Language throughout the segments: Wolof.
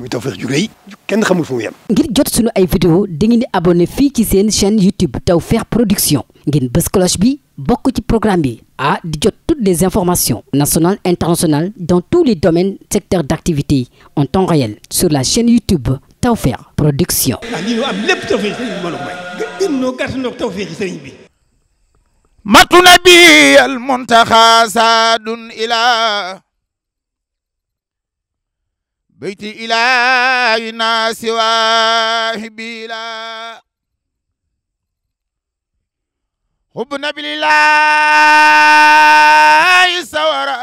muy Tawfekh ju rëy kenn xamul fu mu yem. ngir jot sunu ay vidéo dangeen di abonné fii ci seen chaîne YouTube Tawfekh Production ngeen bës bi bokk ci programme bi ah di jot toutes les informations nationales internationales dans tous les domaines secteurs d'activité en temps réel sur la chaîne YouTube Tawfekh Production. ah lii la may. gën noo gàtt noo Tawfekh sëriñ bi. matu nabi al muntaxa saadun ilaa. بيتي إلهنا سواه بلا حب نبي الله سورا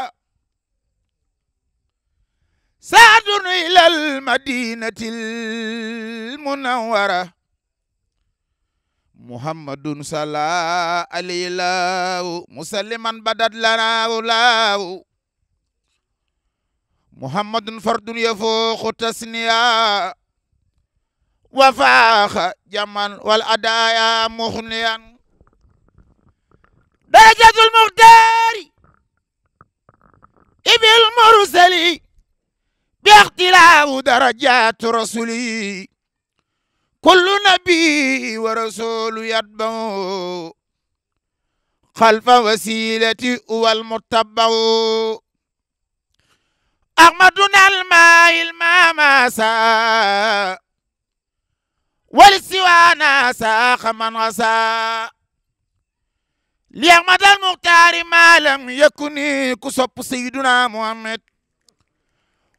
سعد إلى المدينة المنورة محمد صلى الله عليه وسلم مسلما بدت لنا ولاه محمد فرد يفوق تسنيا وفاخ جما والأدايا مغنيا درجة المختار إبي المرسل باختلاف درجات رسولي كل نبي ورسول يتبع خلف وسيلتي والمتبع أحمد الماء الماماسا ولسوانا ساق من غسا ليغمد المختار ما لم يكن كسب سيدنا محمد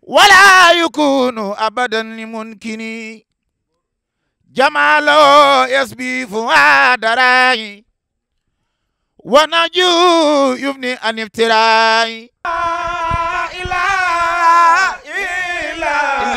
ولا يكون أبدا لمنكني جماله يسبي فؤاد راي ونجو يبني عن افتراي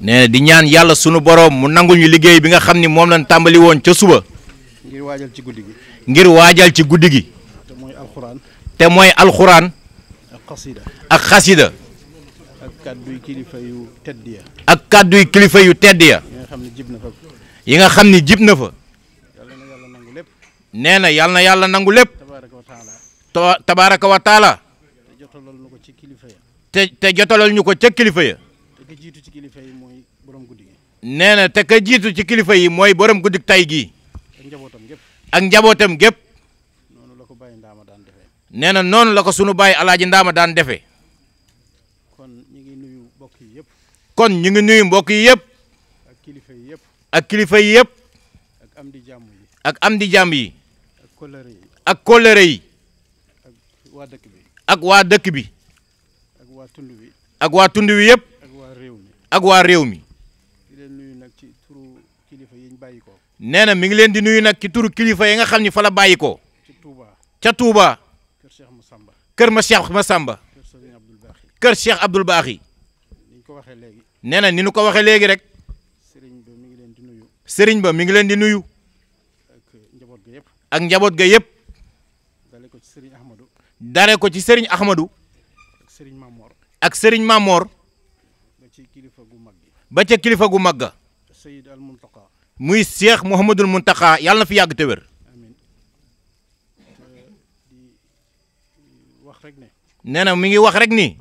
nee na di ñaan yàlla sunu boroom mu nangul ñu liggéey bi nga xam ni moom lañ tàmbali woon ca suba. ngir waajal ci guddi gi. ngir waajal ci guddi gi. te mooy alxuraan. te mooy alxuraan. ak xasida. ak xasida. ak kàdduy kilifa yu tedd ya. kilifa yu tedd yi nga xam ni jib na fa. yi nga xam ni jib na fa. nee na yàlla yàlla nangu lépp. tabaaraka wa te jotalal ñu ko ca kilifa ya. ci kilifa yi nee na te ka jiitu ci kilifa yi mooy borom guddik tay gii ak njabootam gépp nee na noonu la ko sunu baay alaaji ndaama daan defe kon ñu ngi nuyu mbokk yi yëpp ak kilifa yi yëpp ak kilifa yi yëpp ak am di jàmm yi ak am yi ak kóllëre yi ak kóllëre yi ak dëkk bi ak waa dëkk bi ak waa ak waa tund yëpp ak réew mi ak waa réew mi nee na mi ngi leen di nuyu nag ki turu kilifa yi nga xam ni fa la bàyyi ko ca Touba kër ma Cheikh Massamba kër Cheikh Abdoul Baaxi nee na ni nu ko waxee léegi rek sëriñ ba mi ngi leen di nuyu ak njaboot ga yëpp dare ko ci sëriñ Ahmadou ak sëriñ Mamor ba ca kilifa gu mag ga muy Cheikh Mouhamadul Mountakha yàlla na fi yàgg te wér nee na mi ngi wax rek ni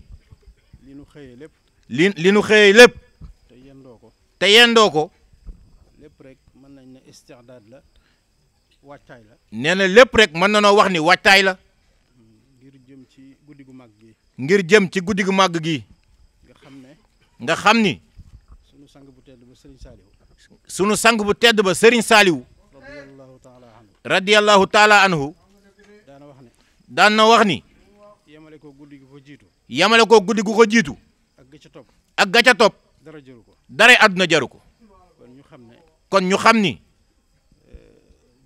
li nu xëyee lépp li li nu xëyee lépp te yendoo ko te yendoo ko lépp rek mën nañ ne istidaad la wàccaay la nee na lépp rek mën na noo wax ni wàccaay la ngir jëm ci guddi gu màgg gi ngir jëm ci guddi màgg gi nga xam ne nga xam ni sunu sang bu tedd ba Serigne Saliou sunu sang bu tedd ba Serigne Saliou radiyallahu taala anhu daan na wax ni yamale na guddi gu ko jiitu yamale ko guddi gu ko jiitu ak gàcca topp ak gàcca topp dara jaru ko dara àdduna jaru ko kon ñu xam ne kon ñu xam ni eh,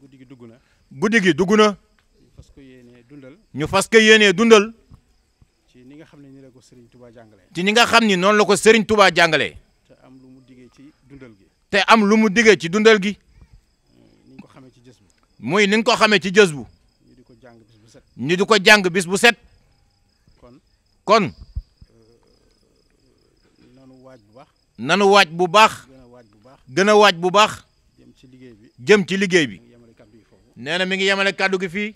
guddi gi dugg na guddi gi dugg na ñu fas ko dundal ñu fas ko yéenee dundal ci ni nga xam ne ni la ko Serigne Touba jàngalee ci ni nga xam ni noonu la ko Serigne Touba jàngalee te am lu mu digee ci dundal gi muy ni nga ko xamee ci jës bu ni di ko jàng bis bu set kon nanu waaj bu baax gën a waaj bu baax jëm ci liggéey bi nee na mi ngi yemale kàddu gi fii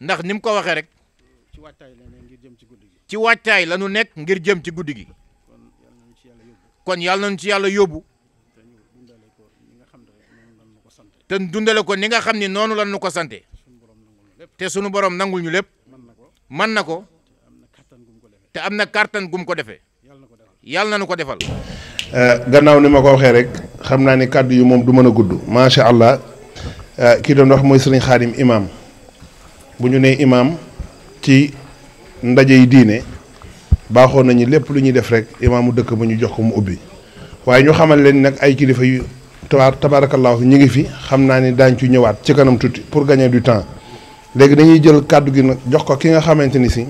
ndax ni mu ko waxee rek ci waajtaay la ñu nekk ngir jëm ci guddi gi kon yàlla nañu ci yàlla yóbbu te dundale ko ni nga xam ni noonu lan nu ko sante te suñu borom nangul ñu lépp man na ko te am na kàttan gum ko defee yàlla na nu ko defal. Eh, gannaaw ni ma ko waxee rek xam naa ni kàddu yu moom du mën a gudd macha allah eh, kii doon ndox mooy suñu xaadim imaam bu ñu nee imaam ci ndaje yi diine baaxoon nañu lépp lu ñuy def rek imaamu dëkk ba ñu jox ko mu ubbi waaye ñu xamal leen nag ay kilifa yu. tabaar tabaarakallaahu ñu ngi fi xam naa ni daañ ci ñëwaat ci kanam tuuti pour gagner du temps léegi dañuy jël kàddu gi nag jox ko ki nga xamante ni si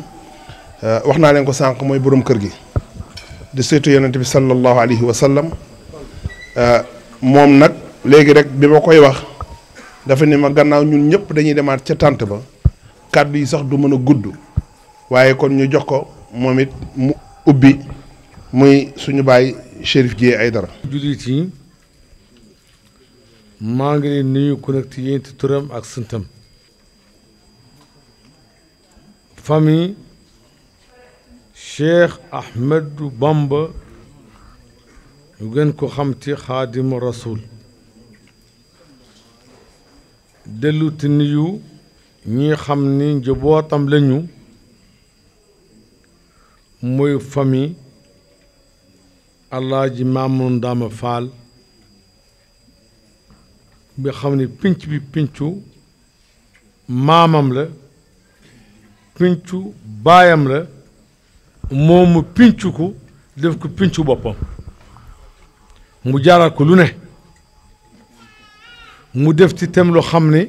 euh, wax naa leen ko sànq mooy boroom kër gi di saytu yonent bi sallallahu alayhi wa sallam euh, moom nag léegi rek bi ma koy wax dafa ni ma gannaaw ñun ñëpp dañuy demaat ca tànt ba kàddu yi sax du mën a gudd waaye kon ñu jox ko moom it mu ubbi muy suñu baay Chérif Dieye Aidara. jullit maa ngi leen nuyu ku nekk ci yéen turam ak santam famille Cheikh Ahmadou Bamba yu gën ko xam ci Xaadimu Rasuul dellu ti nuyu ñi xam ni njabootam lañu mooy famille Alaaji Maamun Daama Faal bi xam ne pinc bi pincu maamam la pincu baayam la moom mu pincu ko def ko pincu boppam mu jaaral ko lu ne mu def ci tem lu xam ne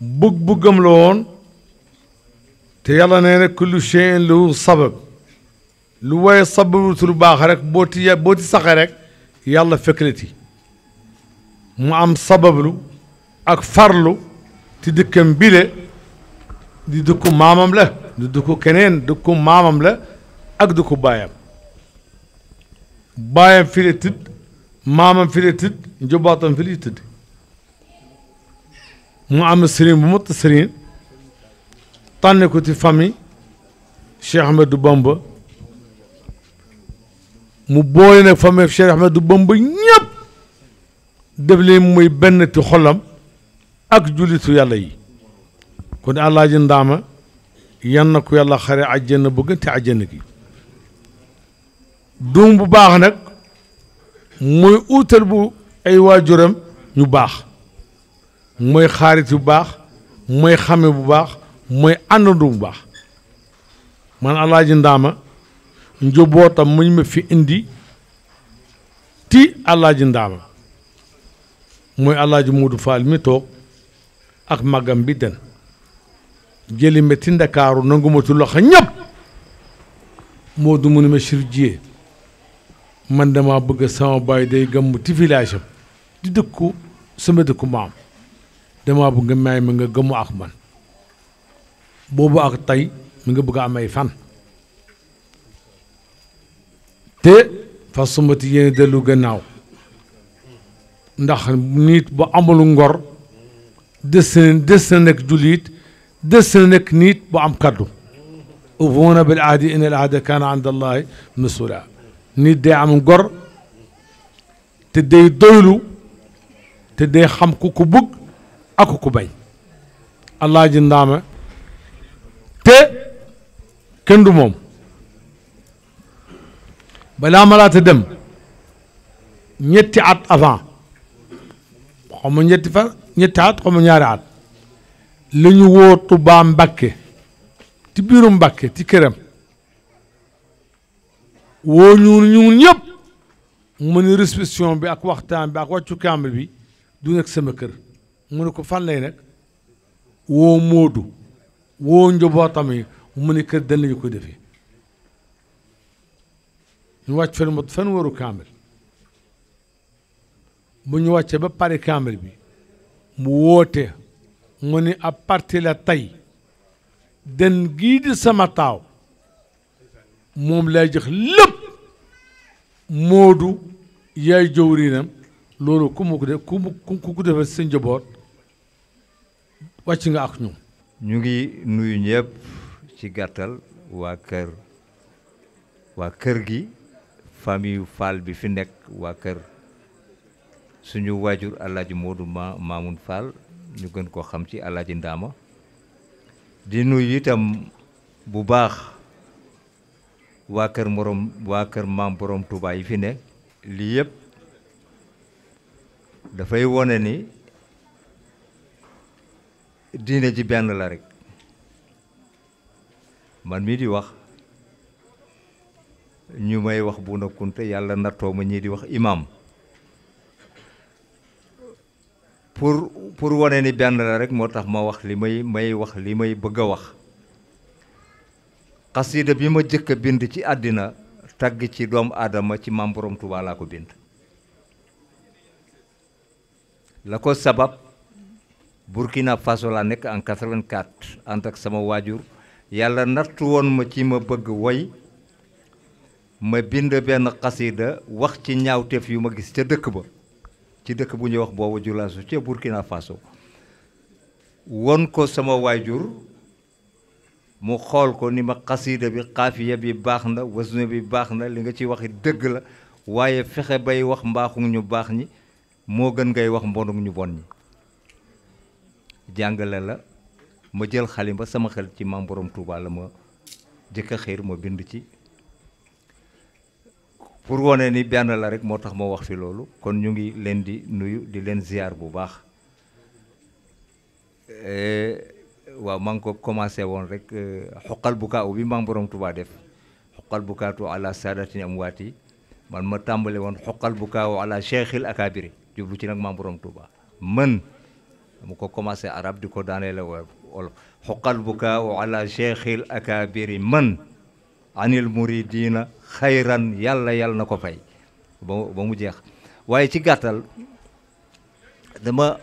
bëgg-bëggam la woon te yàlla nee na kullu shay'in lahu sabab lu waaye sababutu lu baax rek boo ti boo ti saxee rek yàlla fekk la ci mu am sabablu ak farlu ci dëkkam bile di dëkku maamam la di dëkku keneen dëkku maamam la ak dëkku baayam baayam fi la tëdd maamam fi la tëdd njobaatam fi la mu am sëriñ bu mot sëriñ tànn ko ci famille Cheikh Ahmadou Bamba mu boole nag famille Cheikh Ahmadou Bamba ñëpp def leen muy benn ti xolam ak jullitu yàlla yi kon àllaaji ndaama yan na ko yàlla xare àjjana bu gën te àjjana gi duum bu baax nag mooy uutal bu ay waajuram ñu baax mooy xaarit bu baax mooy xame bu baax mooy àndandu bu baax man àllaaji ndaama njobootam muñ ma fi indi ti àllaaji ndaama mooy Alaaji Moodu Faal mi toog ak magam bi den jëli ma ndakaaru nangu ma ci loxo ñëpp Moodu mu ne ma Chérif man dama bëgg sama baay day gàmmu ci di dëkku sama dëkku maam dama bëgg nga may ma nga gàmmu ak man boobu ak tey mi nga bëgg am ay fan te fas suma ti yéene dellu gannaaw ndax nit bu amulu ngor des na des na nekk jullit des na nekk nit bu am kaddu ufuuna bil ahdi in al ahda kaana inda allahi masuula nit day am ngor te day doylu te day xam ku ko bëgg ak ku ko bañ allah ji ndaama te kenn du moom balaa malaata dem ñetti at avant xaw ma ñetti fa ñetti at ñaari at la ñu woo Tuubaa Mbàkke ci biiru mbakke ci këram woo ñuun ñuun ñëpp mu ne restriction bi ak waxtaan bi ak wàccu kàmb bi du nekk sama kër mu ne ko fan lay nekk woo Moodu woo njabootam yi mu ne kër dañ lañu koy defee ñu wàcc fen mot fen waru kaamil bu ñu wàccee ba pare kambre bi mu woote mu ni à partir la tey den gii di sama taaw moom lay jox lépp moodu yaay jëwriñam loolu ku mu ko def ku mu ku defee sa njaboot wàcc nga ak ñoom ñu ngi nuyu ñëpp ci gàttal waa kër waa kër gi famille Fall bi fi nekk waa kër suñu waajur alaaji Modou maamu Mamoun Fall ñu gën koo xam ci alaaji Ndaama di nuyu itam bu baax waa kër morom waa kër maam borom Touba yi fi ne lii yëpp dafay wone ni diine ci benn la rek man mii di wax ñu may wax bu na kunte yàlla nattoo ma ñii di wax imaam pour pour wane ni benn la rek moo tax ma wax li may may wax li may bëgg a wax xasida bi ma jëkk a bind ci àddina tagg ci doomu aadama ci maam Borom Tuubaa laa ko bind la ko sabab Burkina Faso laa nekk en 84 ànd ak sama waajur yàlla nattu woon ma ci ma bëgg woy ma bind benn xasida wax ci ñaawteef yu ma gis ca dëkk ba ci dëkk bu ñuy wax boobu Julaso ci Burkina Faso won ko sama waajur mu xool ko ni ma xasiida bi xaafiya bi baax na wasna bi baax na li nga ci waxi dëgg la waaye fexe bay wax mbaaxu ñu baax ñi moo gën ngay wax mbonu ñu bon ñi jàngale la ma jël xalima sama xel ci maam borom Touba la ma jëkk a xiir ma bind ci pour wone ni benn la rek moo tax moo wax fi loolu kon ñu ngi leen di nuyu di leen ziar bu baax eh, waaw maa ngi ko commencé woon rek eh, xoqal bukaa u bi maam borom Tuubaa def xoqal bukaatu ala saadatin amwaati man ma tàmbale woon xoqal bukaawu ala cheikhil akabiri jublu ci nag maam borom Tuubaa mën mu ko commencé arab di ko daanee la wolof xoqal bukaawu ala cheikhil akabiri mën anil muridina xayran yàlla yàlla na ko fay ba ba mu jeex waaye ci gàttal dama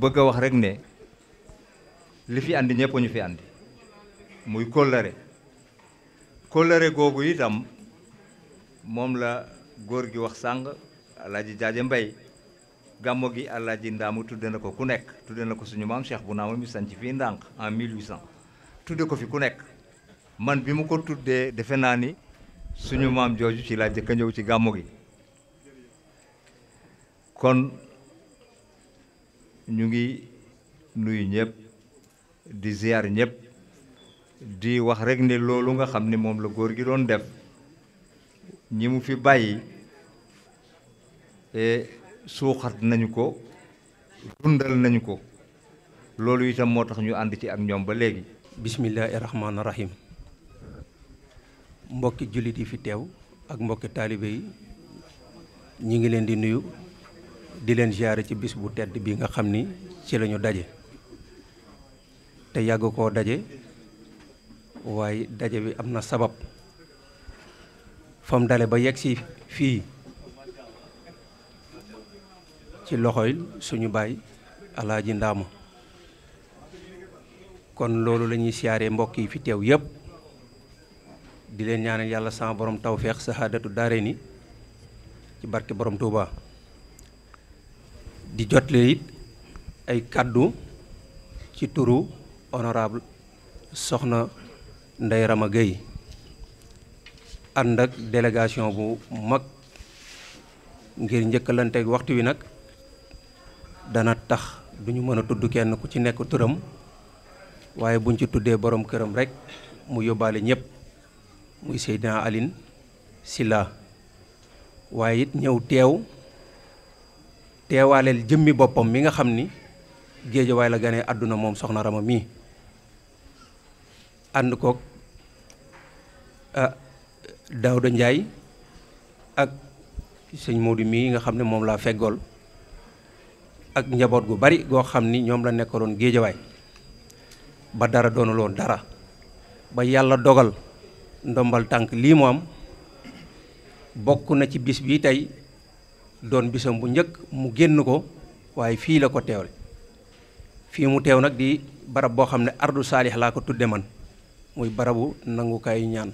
bëgg a wax rek ne li fi andi ñëpp ñu fi andi muy kóllëre kóllëre googu itam moom la góor gi wax sàng alaaji jaaje mbay gàmmo gi ji ndaamu tudde na ko ku nekk tudde na ko suñu maam cheikh bu naama mi sanc fii ndànk en 1800 tudde ko fi ku nekk man bi mu ko tuddee defe naa ni suñu maam jooju ci laa jëkk a ñëw ci gàmmu gi kon ñu ngi nuyu ñëpp di ziar ñëpp di wax rek ne loolu nga xam ne moom la góor gi doon def ñi mu fi bàyyi eh, suuxat nañu ko dundal nañu ko loolu itam moo tax ñu ànd ci ak ñoom ba léegi bismillaahi rahmaani rahim mbokki jullit yi fi teew ak mbokki taalibe yi ñi ngi leen di nuyu di leen ziyaare ci bis bu tedd bi nga xam ni ci lañu daje te yàgg koo daje waaye daje bi am na sabab fam dale ba yegg si fii ci loxoy suñu baay alaaji ndaama kon loolu lañuy siyaare mbokk yi fi teew yépp di leen ñaanal yàlla sama borom tawféex sahaadatu daare ni ci barke borom Touba di jotle it ay kàddu ci turu honorable soxna Ndeye Rama Gueye ànd ak délégation bu mag ngir njëkkalanteeg waxtu wi nag dana tax duñu mën a tudd kenn ku ci nekk turam waaye buñ ci tuddee borom këram rekk mu yóbbaale ñëpp muy Seydina alin Silla waaye it ñëw teew teewaaleel jëmmi boppam mi nga xam ni géejawaay la gane àdduna moom soxna Rama mii ànd koog ah, Daawda Njaay ak sëñ Modou mii nga xam ne moom laa feggool ak njaboot gu bari goo xam ni ñoom la nekkaloon géejawaay ba dara doonu loon dara ba yàlla dogal ndombal tànk lii mu am bokk na ci bis bi tey doon bisam bu njëkk mu génn ko waaye fii la ko teewle fii mu teew nag di barab boo xam ne ardu saalix laa ko tudde man muy barabu nangukaayu ñaan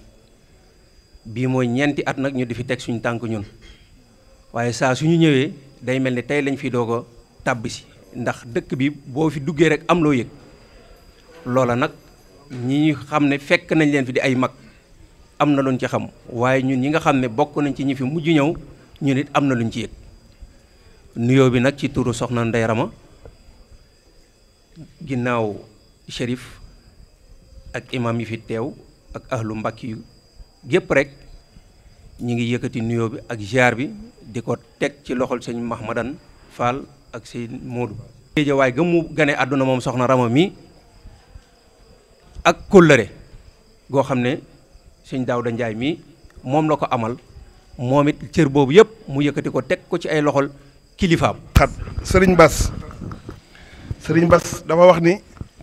bii mooy ñeenti at nag ñu di fi teg suñu tànk ñun waaye saa suñu ñëwee day mel ni tey lañ fi doog a tàbbi si ndax dëkk bi boo fi duggee rek am loo yëg loola nag ñi xam ne fekk nañ leen fi di ay mag am na luñ ci xam waaye ñun ñi nga xam ne bokk nañ ci ñi fi mujj ñëw ñu it am na luñ ci yëg nuyoo bi nag ci turu soxna Ndey Rama ginnaaw shérif ak imam yi fi teew ak ahlu mbàkki yu gépp rek ñu ngi yëkkati nuyoo bi ak ziar bi di ko teg ci loxol sëñ Mahmadan Fall ak sëñ Moodu géejawaay gëm mu gane àdduna moom soxna Rama mii ak kóllëre goo xam ne suñ sëñ da Njaay mii moom la ko amal moom it cër boobu yëpp mu yëkkati ko teg ko ci ay loxol kilifaam. xat sëriñ Bas sëriñ Bas dafa wax ni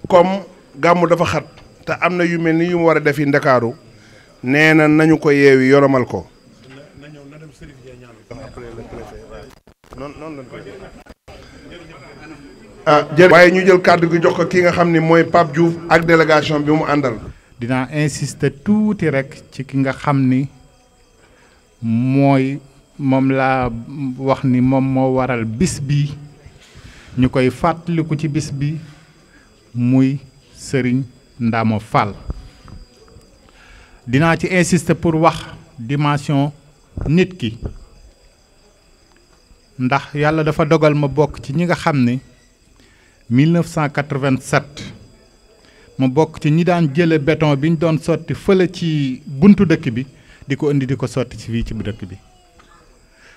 comme gàmmu dafa xat te am na yu mel ni yu mu war a def yi ndakaaru nee na nañu ko yeewi yoromal ko. ah jërëjëf waaye ñu jël kàddu gi jox ko ki nga xam ni mooy Pape Diouf ak délégation bi mu àndal. dinaa insister tuuti rek ci ki nga xam ni mooy moom laa wax ni moom moo waral bis bi ñu koy fàttaliku ci bis bi muy sëriñ Ndamo fàll dinaa ci insister pour wax dimension nit ki ndax yàlla dafa dogal ma bokk ci ñi nga xam ni 1987 ma bokk ci ñi daan jële beton bi ñu doon sotti fële ci buntu dëkk bi di ko indi di ko sotti ci fii ci dëkk bi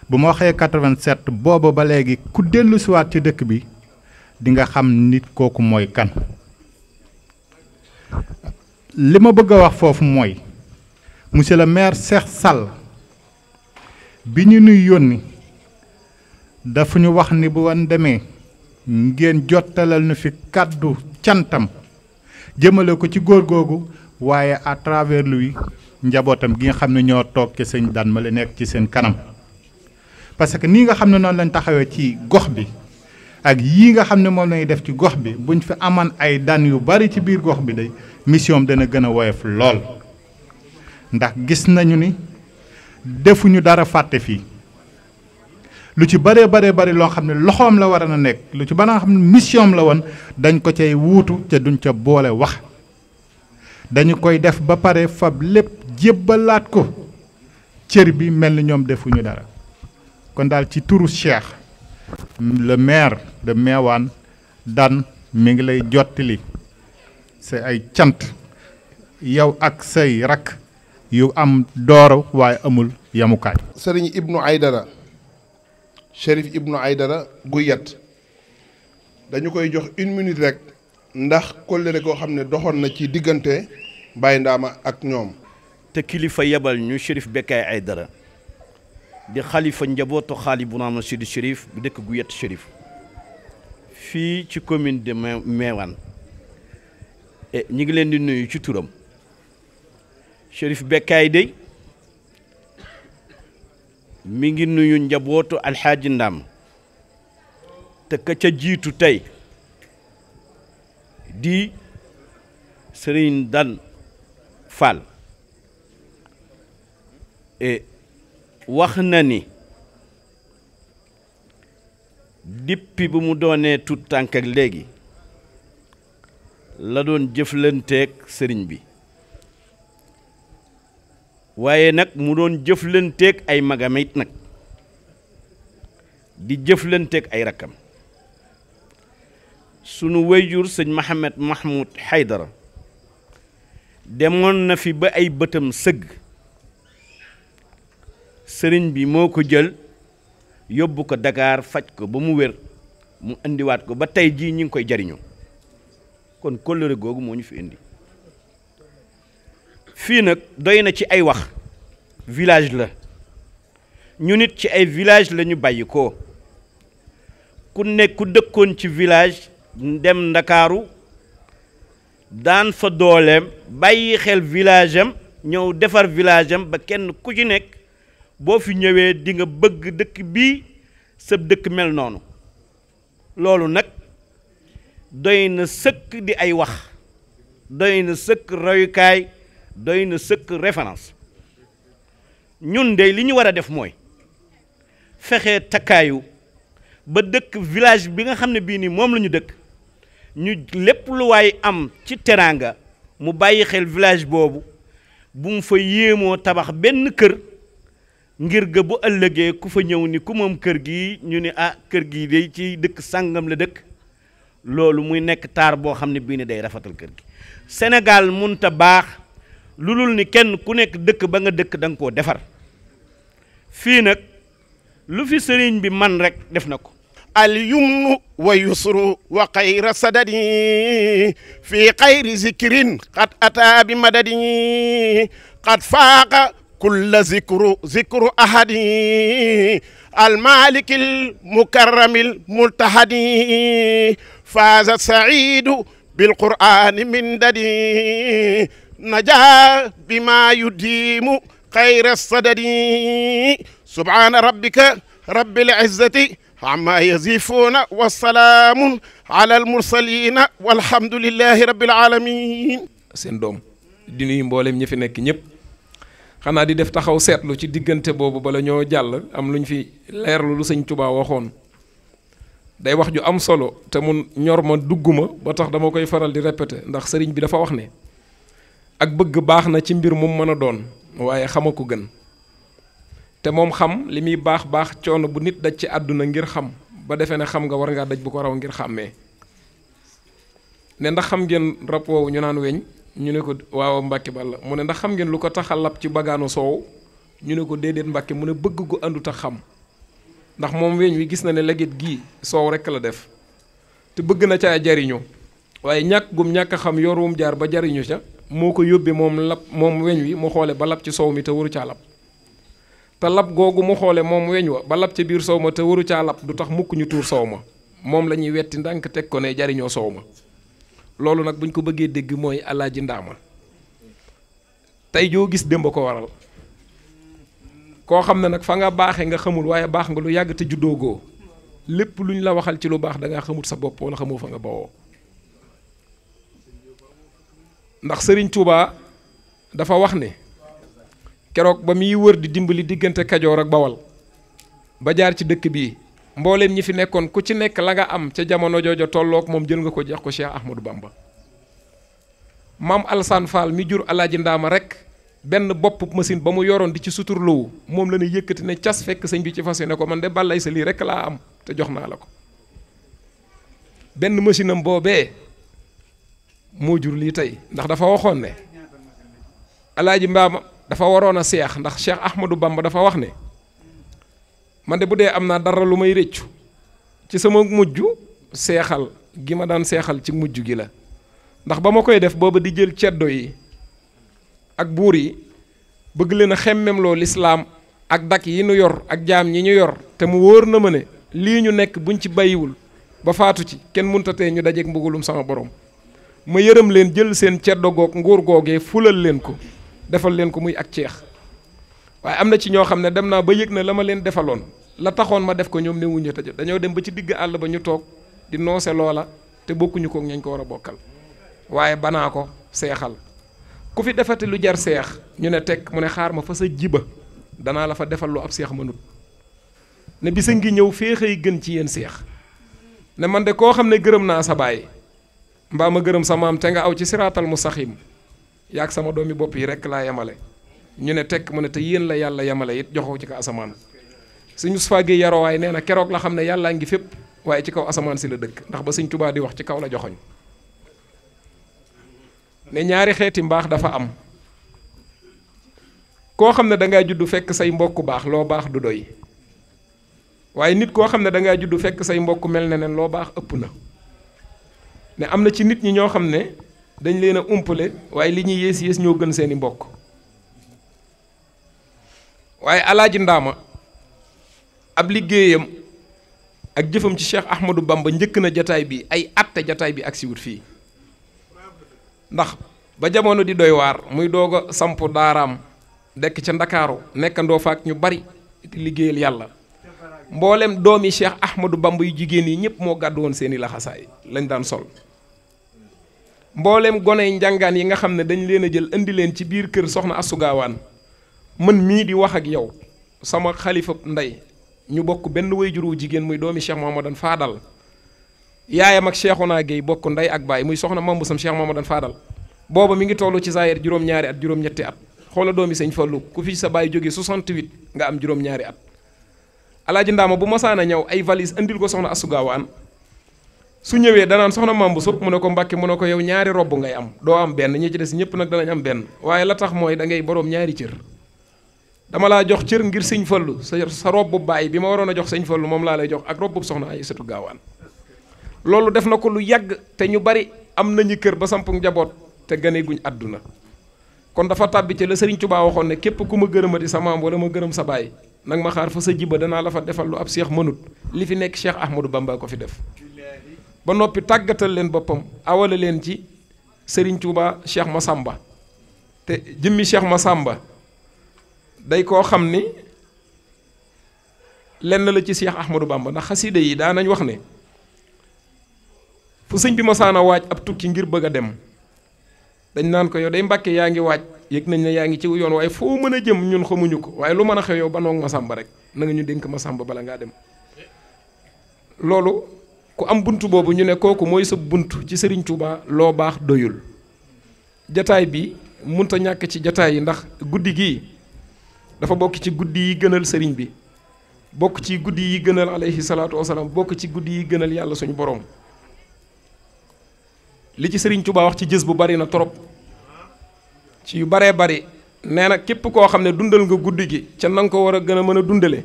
bu ma waxee 87 booba ba léegi ku dellu siwaat ci dëkk bi di nga xam nit kooku mooy kan li ma bëgg a wax foofu mooy monsieur le maire Cheikh Sall bi ñu nuy yónni dafa ñu wax ni bu wan demee ngeen jottalal nu fi kàddu cantam jëmale ko ci góor googu waaye à travers lui njabootam gi nga xam ne ñoo toog ci sëñ daan ma la nekk ci seen kanam parce que nii nga xam ne noonu lañ taxawee ci gox bi ak yii nga xam ne moom lañuy def ci gox bi buñ fi aman ay dan yu bari ci biir gox bi day mission dana gën a woyof lool ndax gis nañu ni defuñu dara fàtte fii lu ci bëree baree bëri loo xam ne loxoom la war na nekk lu ci banaa xam ne mission la woon dañ ko cay wuutu ca duñ ca boole wax dañu koy def ba pare fab lépp jébbalaat ko cër bi mel ni ñoom defuñu dara kon daal ci turu Cheikh le maire de Meouane Dan mi ngi lay jottali sa ay cant yow ak say rakk yu am dooro waaye amul yamukaay. Serigne Ibnu Aydara Chérif Ibnu Aydara Guyat dañu koy jox une rek ndax kóllëre goo xam ne doxoon na ci diggante bàyyi ndaama ak ñoom. te kilifa yebal ñu Chérif Bekkaay Aydara di xalifa njabootu xaali bu naan Sidi Chérif bu dëkk Guyat Chérif fii ci commune de Mewane eh, ñu ngi leen di nuyu ci turam Chérif Bekkaay dey mi ngi nuyu njabootu alxaaji ndam te ka ca jiitu tey di sëriñ dan Fall e, wax na ni dippi bu mu doonee tut tànk ak léegi la doon jëflanteeg sëriñ bi waaye nag mu doon jëflanteeg ay magam nag di jëflanteek ay rakkam sunu wayjur sëñ Mahamed Mahmoud Haydara demoon na fi ba ay bëtam sëgg sëriñ bi moo ko jël yóbbu ko Dakar faj ko ba mu wér mu indiwaat ko ba tey jii ñu ngi koy jariñoo kon kóllëre googu moo ñu fi indi fii nag doy na ci ay wax village la ñu nit ci ay village lañu ñu bàyyi ko ku nekk ku dëkkoon ci village dem ndakaaru daan fa dooleem bàyyi xel village am ñëw defar village am ba kenn ku ci nekk boo fi ñëwee dinga bëgg dëkk bii sa dëkk mel noonu loolu nag doy na sëkk di ay wax doy na sëkk royukaay doy na sëkk référence ñun de li ñu war a def mooy fexe takkaayu ba dëkk village bi nga xam ne bii nii moom lañu dëkk ñu lépp lu waay am ci teraanga mu bàyyi xel village boobu bu mu fa yéemoo tabax benn kër ngir ga bu ëllëgee ku fa ñëw ni ku moom kër gi ñu ni ah kër gi day ci dëkk sàngam la dëkk loolu muy nekk taar boo xam ne bii ni day rafetal kër gi Sénégal munta baax lu dul ni kenn ku nekk dëkk ba nga dëkk da nga koo defar fii nag lu fi sëriñ bi man rek def na ko al yumnu wa yusru wa xayra sadadi fi xayri zikrin xat ataa bi madadi xat faaqa kulla zikru zikru ahadi المالك المكرم الملتحد فاز سعيد بالقرآن من ددي najaa bimaa yudiimu xayra sadadi subhaana rabbika rabbil izzati amma yasifuuna wa salaamun ala al mursalina walhamdulillahi rabbil alamin seen doom di nuyu mboolem ñi fi nekk ñëpp xanaa di def taxaw seetlu ci diggante boobu bala ñoo jàll am lu ñu fi leerlu lu sëñ Tuubaa waxoon day wax ju am solo te mun ñor ma dugg ma ba tax dama koy faral di répété ndax sëriñ bi dafa wax ne ak bëgg baax na ci mbir mu mën a doon waaye xam a ko gën te moom xam li muy baax baax coono bu nit daj ci àdduna ngir xam ba defee ne xam nga war ngaa daj bu ko raw ngir xàmmee ne ndax xam ngeen rab woowu ñu naan weñ ñu ne ko waaw Mbàkke Balla mu ne ndax xam ngeen lu ko tax a lab ci bagaanu soow ñu ne ko déedéet Mbàkke mu ne bëgg gu àndut ak xam ndax moom weñ wi gis na ne leget gi soow rekk la def te bëgg na caa jariñu waaye ñàkk gum ñàkk xam yoor wum jaar ba jariñu ca moo ko yóbbee moom lab moom weñ wi mu xoole ba lab ci soow mi te waru caa lab te lab googu mu xoole moom weñ wa ba lab ca biir soow ma te waru caa lab du tax mukk ñu tuur soow ma moom la ñuy wetti ndànk teg ko ne jariñoo soow ma loolu nag buñ ko bëggee dégg mooy alaaji ndaama tey joo gis démb ko waral koo xam ne nag fa nga baaxee nga xamul waaye baax nga lu yàgg te juddoogoo lépp lu luñ la waxal ci lu baax dangaa ngaa xamut sa bopp wala xamoo fa nga bawoo ndax sëriñ Touba dafa wax ne keroog ba muy wër di dimbali diggante Kajoor ak Bawal ba jaar ci dëkk bii mbooleen ñi fi nekkoon ku ci nekk la nga am ca jamono joojo tolloog moom jël nga ko jeex ko Cheikh Ahmadou Bamba maam Alsaan Fall mi jur alaaji Ndaama rek benn bopp machine ba mu yoroon di ci suturloowu moom la ne yëkkati ne cas fekk sëñ bi ci fas ne ko man de bàllay sa lii rek laa am te jox naa la ko benn machine am boobee moo jur lii tey ndax dafa waxoon ne alaaji mbaam dafa waroon a seex ndax Cheikh Ahmadou Bamba dafa wax ne man de bu dee am naa dara lu may rëccu ci sama mujj seexal gi ma daan seexal ci mujj gi la ndax ba ma koy def booba di jël ceddo yi ak buur yi bëgg leen a loo lislaam ak dak yi ñu yor ak jaam yi ñu yor te mu wóor na ma ne lii ñu nekk buñ ci bàyyiwul ba faatu ci kenn muntatee ñu dajeek mbugulum sama borom ma yërëm leen jël seen ceddo goog nguur googee fulal leen ko defal leen ko muy ak ceex waaye am na ci ñoo xam ne dem naa ba yég na la ma leen defaloon la taxoon ma def ko ñoom ne wuñu tëj dañoo dem ba ci digg àll ba ñu toog di noose loola te bokkuñu ko ñañ ko war a bokkal waaye banaa ko seexal ku fi defati lu jar seex ñu ne teg mu ne xaar ma fa sa jiba danaa la fa defal lu ab seex mënut ne bisa ngi ñëw féexay gën ci yéen seex ne man de koo xam ne gërëm naa sa baay mbaa ma gërëm sa maam te nga aw ci siraatal mustaqiim yaag sama doomi bopp yi rek laa yemale ñu ne tekk mu ne te yéen la yàlla yemale it joxoo ci kaw asamaan sëñ Moustapha Guèye yarowaay nee na keroog la xam ne yàllaa ngi fépp waaye ci kaw asamaan si la dëkk ndax ba sëñ Tuubaa di wax ci kaw la joxoñ ne ñaari xeeti mbaax dafa am koo xam ne dangaa juddu fekk say mbokk baax loo baax du doy waaye nit koo xam ne dangaa juddu fekk say mbokk mel ne nen loo baax ëpp na ne am na ci nit ñi ñoo xam ne dañ leen a umpale waaye li ñuy yées yées ñoo gën seeni mbokk waaye alaaji ndaama ab liggéeyam ak jëfam ci Cheikh Ahmadou Bamba njëkk na jataay bi ay atte jataay bi ak siwut fii ndax ba jamono di doy waar muy doog a samp daaraam dekk ca ndakaaru nekkandoo fa ak ñu bari di liggéeyal yàlla mboolem doomi Cheikh Ahmadou Bamba yu jigéen yi ñëpp moo gàdd woon seeni laxasaay lañ daan sol mbooleem gone njàngaan yi nga xam ne dañ leen a jël indi leen ci biir kër soxna Astou Gawane man mii di wax ak yow sama xalifa ndey ñu bokk benn wayjur wu jigéen muy doomi Cheikh Mouhamadan Fadal yaayam ak Cheikhouna Gueye bokk ndey ak baay muy soxna Mame Boussam Cheikh Mouhamadan Fadal booba mi ngi toll ci zaayir juróom-ñaari at juróom-ñetti at xoola doomi sëñ Fallou ku fi sa baay jógee 68 nga am juróom-ñaari at alaaji ma bu a ñëw ay valise indil ko soxna Astou su ñëwee danaan soxna maam bu sub mu ne ko mbàkke mu ne ko yow ñaari robb ngay am doo am benn ñi ci des ñëpp nag danañ am benn waaye la tax mooy dangay boroom ñaari cër dama laa jox cër ngir sëñ fallu sa sa robbu bàyyi bi ma waroon a jox sëñ fallu moom laa lay jox ak robbu soxna ay sëtu gaawaan loolu def na ko lu yàgg te ñu bari am nañu kër ba sampu njaboot te gane guñ àdduna kon dafa tàbbi ci la sëriñ Tubaa waxoon ne képp ku ma gërëmati sa maam wala ma gërëm sa baay nag ma fa sa jiba danaa la fa defal ab seex mënut li fi nekk Cheikh Ahmadou Bamba ko fi def ba noppi tàggatal leen boppam awale leen ci Serigne Touba Cheikh Massamba te jimmi jëmmi Cheikh Massamba day koo xam ni lenn la ci Cheikh Ahmadou Bamba ndax xasida yi daan nañ wax ne fu sëñ bi a waaj ab tukki ngir bëgga dem dañ naan ko yow day mbàkke yaa ngi waaj yëg nañ ne yaa ngi ci yoon waaye foo mën a jëm ñun xamuñu ko waaye lu mën a xew yow ba noog Massamba rek na ñu dénk ma Massamba bala ngaa dem loolu. ku am bunt boobu ñu ne kooku mooy sa bunt ci Serigne Touba loo baax doyul jataay bi munta ñàkk ci jataay yi ndax guddi gii dafa bokk ci guddi yi gënal sëriñ bi bokk ci guddi yi gënal aleyhi salaatu wasalaam bokk ci guddi yi gënal yàlla suñu boroom li ci sëriñ Touba wax ci jës bu bari na trop ci yu baree bari nee na képp koo xam ne dundal nga guddi gi ca na ko war a gën a mën a dundale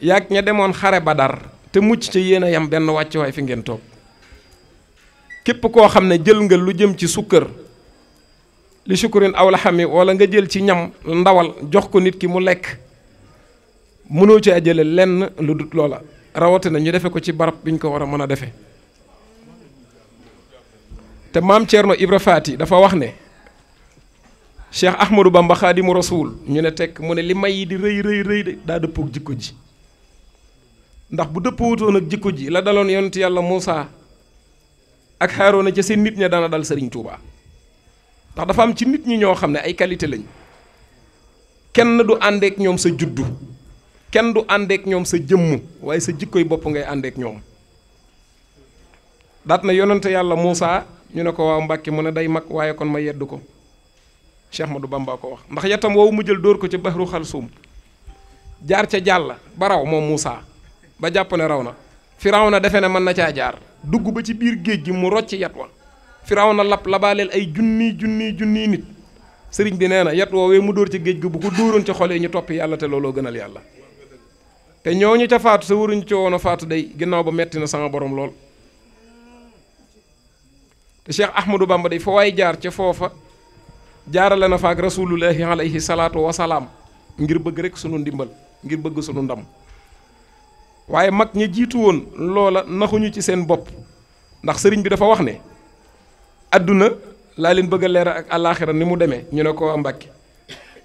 yaag ña demoon xare ba Badar te mucc ca yéen a yam benn wàccuwaay fi ngeen toog képp koo xam ne jël nga lu jëm ci sukkër li sukkurin aw la xami wala nga jël ci ñam ndawal jox ko nit ki mu lekk mënoo ci ajale lenn lu dut loola rawatina ñu defe ko ci barab bi ñu ko war a mën a defe te maam Thierno Ibra Faati dafa wax ne Cheikh Ahmadou Bamba Xaadimu Rasuul ñu ne tekk mu ne li may yi di rëy rëy rëy de daa dëppook jikko ji ndax bu dëpp wutoon ak jikko ji la daloon yonent yàlla Moussa ak Haaruna ca seen nit ña dana dal Serigne Touba ndax dafa am ci nit ñi ñoo xam ne ay qualité lañ kenn du àndeek ñoom sa juddu kenn du àndeek ñoom sa jëmm waaye sa jikkoy bopp ngay àndeek ñoom daat na yonent yàlla Moussa ñu ne ko waaw Mbàkke mu ne day mag waaye kon ma yedd ko ma du Bamba ko wax ndax yatam woowu mu jël dóor ko ci ca xal xalsum jaar ca jàll baraw moom muusa ba jàpp raw na firaw na defe ne mën na caa jaar dugg ba ci biir géej gi mu rocc yat wa firaw na lab labaaleel ay junni junni junni nit sëriñ bi nee na yat woowee mu dóor ci géej gi bu ko dóoroon ci xol yi ñu topp yàlla te looloo gënal yàlla te ñooñu ca faatu sa waruñu ca woon faatu day ginnaaw ba metti na sama borom lool te Cheikh Ahmadou Bamba day fa waay jaar ci foofa jaarale na faak rasulullahi alayhi salaatu wasalaam ngir bëgg rek sunu ndimbal ngir bëgg sunu ndam waaye mag ña jiitu woon loola naxuñu ci seen bopp ndax sëriñ bi dafa wax ne adduna laa leen bëgg a leeral ak àllaaxira ni mu demee ñu ne ko mbàkke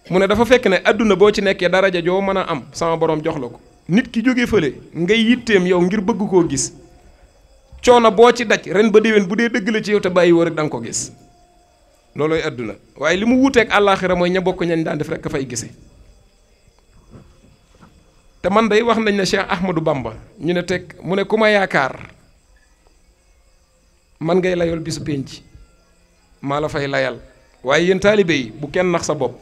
mu ne dafa fekk ne àdduna boo ci nekkee daraja joo mën a am sama borom jox la ko nit ki jóge fële ngay yitteem yow ngir bëgg koo gis coono boo ci daj ren ba déwén bu dee dëgg la ci yow te bàyyi woo rek da nga ko gis loolooy adduna waaye li mu wuuteeg àllaaxira mooy ña bokk ñañ daan def rek a fay gisee. te man dey wax nañ ne Cheikh Ahmadou Bamba ñu ne teg mu ne ku ma yaakaar man ngay layool bisu pénc maa la fay layal waaye yéen taalibe yi bu kenn nax sa bopp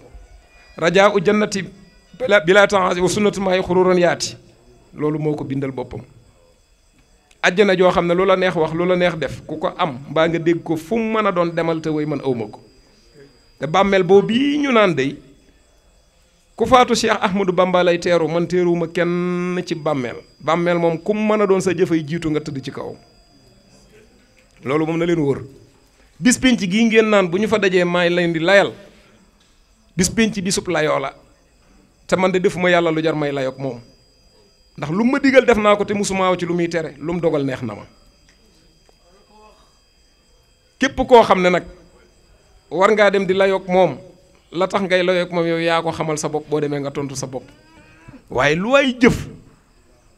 rajaa u jannati bila temps wa sunnatu maay xururan yaati loolu moo ko bindal boppam àjjana joo xam ne lu la neex wax lu la neex def ku ko am mbaa nga dégg ko fu mu mën a doon demal te way man awma ko te bàmmeel boobu bii ñu naan dey ku faatu Cheikh Ahmadou Bamba lay teeru man teeruwuma kenn ci bàmmeel bàmmeel moom kum mën a doon sa jëfay jiitu nga tëdd ci kaw loolu moom na leen wër bis pénc gii ngeen naan bu ñu fa dajee maay leen di layal bis pénc bi sub layoo la te man de defuma yàlla lu jar may layoog moom ndax lu ma digal def naa ko te musumaaw ci lu muy tere lu mu dogal neex na ma képp koo xam ne nag war ngaa dem di layoog moom la tax ngay layoog moom yaa ko xamal sa bopp boo demee nga tontu sa bopp waaye lu waay jëf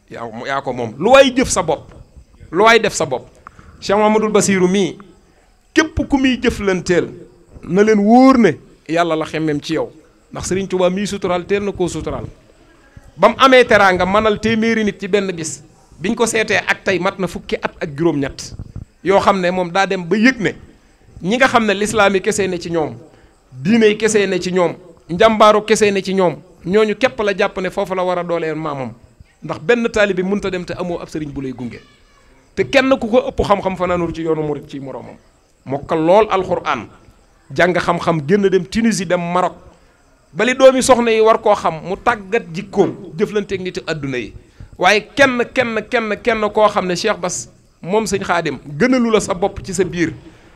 yaa ko moom lu waay jëf sa bopp lu waay def sa bopp Cheikh Mamadou Basiiru mii képp ku muy jëflanteel na leen wóor ne yàlla la xemmem ci yow ndax Serigne Touba mii suturaal teel na koo suturaal ba mu amee teraanga manal téeméeri nit ci benn bis biñ ko seetee ak tey mat na fukki at ak juróom-ñett yoo xam ne moom daa dem ba yëg ne ñi nga xam ne lislaam yi kese ne ci ñoom diine kese ne ci ñoom njàmbaaru kese ne ci ñoom ñooñu képp la jàpp ne foofu la war a doolee maamam ndax benn taalibe bi mënta dem te amoo ab sëriñ bu lay gunge te kenn ku ko ëpp xam-xam fanaanul ci yoonu murit ci moroomam mokkal lool alxuraan jàng xam-xam génn dem Tunisie dem Maroc bale doomi soxna yi war koo xam mu tàggat jikkoom jëflanteeg nit adduna yi waaye kenn kenn kenn kenn koo xam ne Cheikh bas moom sëñ Xaadim gënalu la sa bopp ci sa biir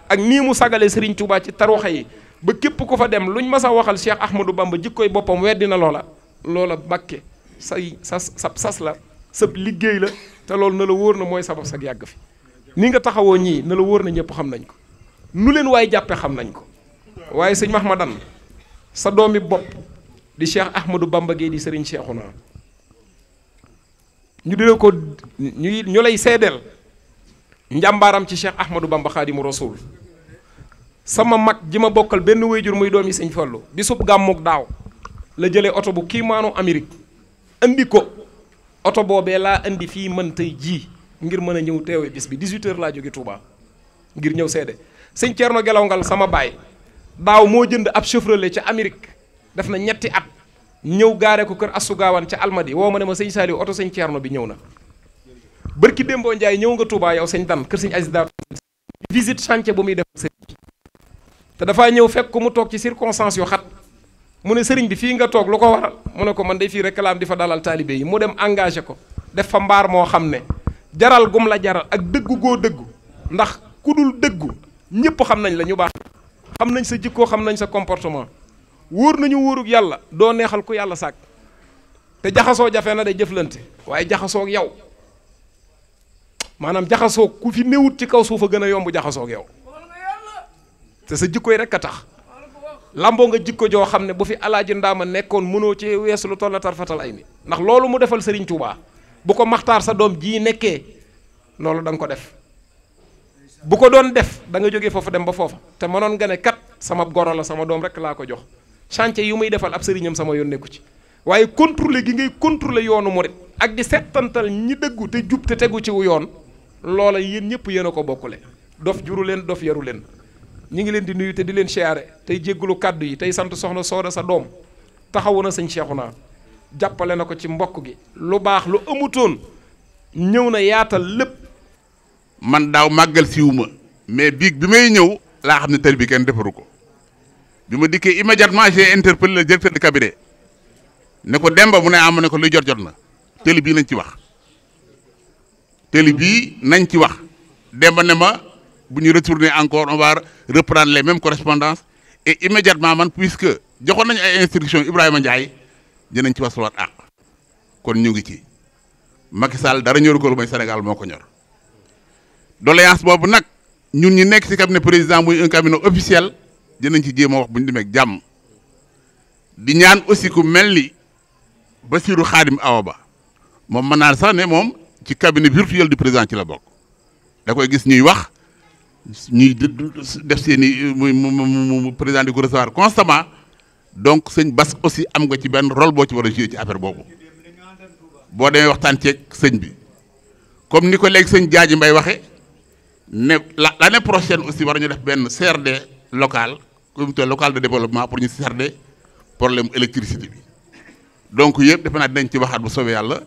ak nii mu sagale Sëriñ Tuubaa ci taruxa yi ba képp ku fa dem luñ mas a waxal Cheikh Ahmadou Bamba jikkoy boppam weddi na loola loola Mbàkke say sas sab sas la sab liggéey la te loolu na la wóor na mooy sabab sag yàgg fi ni nga taxawoo ñii na la wóor na ñëpp xam nañ ko nu leen waaye jàppe xam nañ ko waaye sëñ Mahmadan sa doomi bopp di Cheikh Ahmadou Bamba Gueye yi sëriñ Cheikhouna ñu dina ko ñu ñu lay seedeel njàmbaaram ci Cheikh Ahmadou Bamba Xaadimu Rasuul sama mag ji ma bokkal benn wéyjur muy doom yi sëñ Fallu bisub gàmmuk daaw la jëlee oto bu kii maanu Amérique indi ko oto boobee laa indi fii man tey jii ngir mën a ñëw teewe bis bi 18 laa jóge Touba ngir ñëw seede sëñ Thierno Gelawngal sama baay daaw moo jënd ab Chevrolet ca Amérique def na ñetti at ñëw gaare ko kër Assou Gawane ca Almadi woo ma ne ma sëñ Saliou oto sëñ Thierno bi ñëw na. barki Dembo Ndiaye ñëw nga Touba yow sëñ Dan kër sëñ Aziz Dar bu muy def sëñ te dafaa ñëw fekk ko mu toog ci circonstance yu xat mu ne sëriñ bi fii nga toog lu ko waral mu ne ko man day fii réclame di fa dalal taalibe yi mu dem engagé ko def fa mbaar moo xam ne jaral gum la jaral ak dëggu goo dëggu ndax ku dul dëggu ñëpp xam nañ la ñu baax xam nañ sa jikkoo xam nañ sa comportement wóor nañu wóorug yàlla doo neexal ku yàlla sàkk te jaxasoo jafe na day jëflante waaye jaxasook yow maanaam jaxasoo ku fi néewut ci kaw suuf gën a yomb jaxasoog yow te sa jikkoy rek a tax lamboo nga jikko joo xam ne bu fi alaaji ndaama nekkoon mënoo ci weesu lu toll na tarfatal ay ni ndax loolu mu defal Serigne Touba bu ko maxtaar sa doom jii nekkee loolu danga ko def bu ko doon def da nga jógee foofu dem ba foofa te mënoon nga ne kat sama goro la sama doom rek laa ko jox chantier yu muy defal ab sëriñam sama yoon nekku ci waaye contrôler gi ngay contrôler yoonu mu murit ak di settantal ñi dëggu te jub te tegu ci yoon loola yéen ñëpp yéen ko bokkule dof juru leen dof yaru leen ñi ngi leen di nuyu te di leen siyaare tey jéggalu kàddu yi tey sant soxna Sooda sa doom taxawu na sëñ Seexuna jàppale na ko ci mbokk gi lu baax lu amutoon ñëw na yaatal lépp man daaw màggal ma mais biig bi may ñëw laa xam ne tali bi kenn defaru ko bi ma dikkee immédiatement j'ai interpellé le directeur de cabinet ne ko demba mu ne am ne ko luy jot jot na tëli bii nañ ci wax tëli bii nañ ci wax demba ne ma bu ñu retourner encore on va reprendre les mêmes correspondances et immédiatement man puisque joxoon nañu ay instructions Ibrahima Ndiaye dinañ ci wasuwaat àq kon ñu ngi ci Macky Sall dara ñoru ko lu Sénégal moo ko ñor doléance boobu nag ñun ñi nekk ci cabinet président muy un cabinet officiel dinañ ci jéem a wax bu ñu demee jàmm di ñaan aussi ku mel ni Bassirou Khadim Awa Ba moom mën naa sax ne moom ci cabinet virtuel du président ci la bokk da koy gis ñuy wax. ñuy def seen i muy mu président di ko recevoir constamment donc sëñ Bass aussi am nga ci benn rôle boo ci war a joué ci affaire boobu boo demee waxtaan ceeg sëñ bi comme ni ko léegi sëñ Jaaji Mbay waxe ne la l'année prochaine aussi war ñu def benn CRD local comité local de développement pour ñu CRD problème électricité bi donc yëpp defe naa dinañ ci waxaat bu soobee yàlla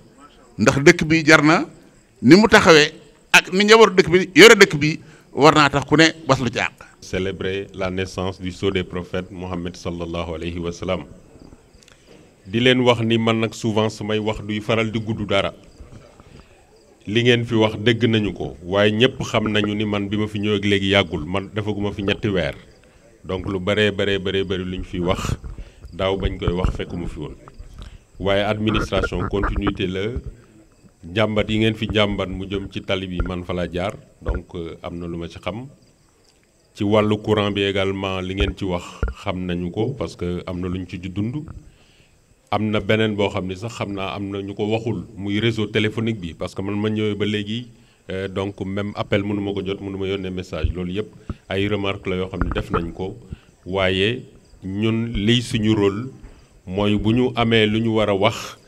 ndax dëkk bi jar na ni mu taxawee ak ni ñu war dëkk bi dëkk bi. war naa tax ku ne bas lu ci àq. célébrer la naissance du sceau des prophètes Mohammed sallallahu alayhi wa sallam di leen wax ni man nag souvent samay wax duy faral di gudd dara li ngeen fi wax dégg nañu ko waaye ñëpp xam nañu ni man bi ma fi ñëweek léegi yàggul man defaguma fi ñetti weer donc lu bëree bëree bëree bëri lu ñu fi wax daaw bañ koy wax fekkuma fi woon waaye administration continuité la. njàmbat yi ngeen fi njàmbat mu jëm ci tali bi man fa laa jaar donc euh, am na lu ma ci xam ci wàllu courant bi egalement li ngeen ci wax xam nañu ko parce que am na lu ñu ci dund am na beneen boo xam ni sax xam naa am na ñu ko waxul muy réseau téléphonique bi parce que man ma ñëwee ba léegi euh, donc même appel mënuma ko jot mënu ma yónnee message loolu yëpp ay remarque la yoo xam ne def nañ ko waaye ñun liy suñu rôle mooy bu ñu amee lu ñu war a wax.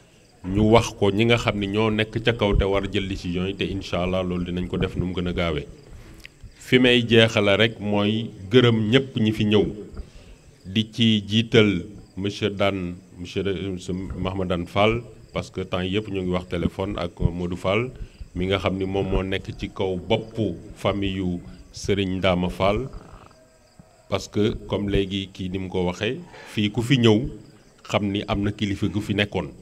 ñu wax ko ñi nga xam ni ñoo nekk ca kaw te war a jël décision yi te incha allah loolu dinañ ko def nu mu gën a gaawee fi may jeexale rek mooy gërëm ñëpp ñi fi ñëw di ci jiital monsieur Dan monsieur Mahamadan Fall parce que temps yëpp ñoo ngi wax téléphone ak Modou Fall mi nga xam ni moom moo nekk ci kaw boppu famille yu Serigne Ndama Fall parce que comme léegi kii ni mu ko waxee fii ku fi ñëw xam ni am na kilifa gu fi nekkoon.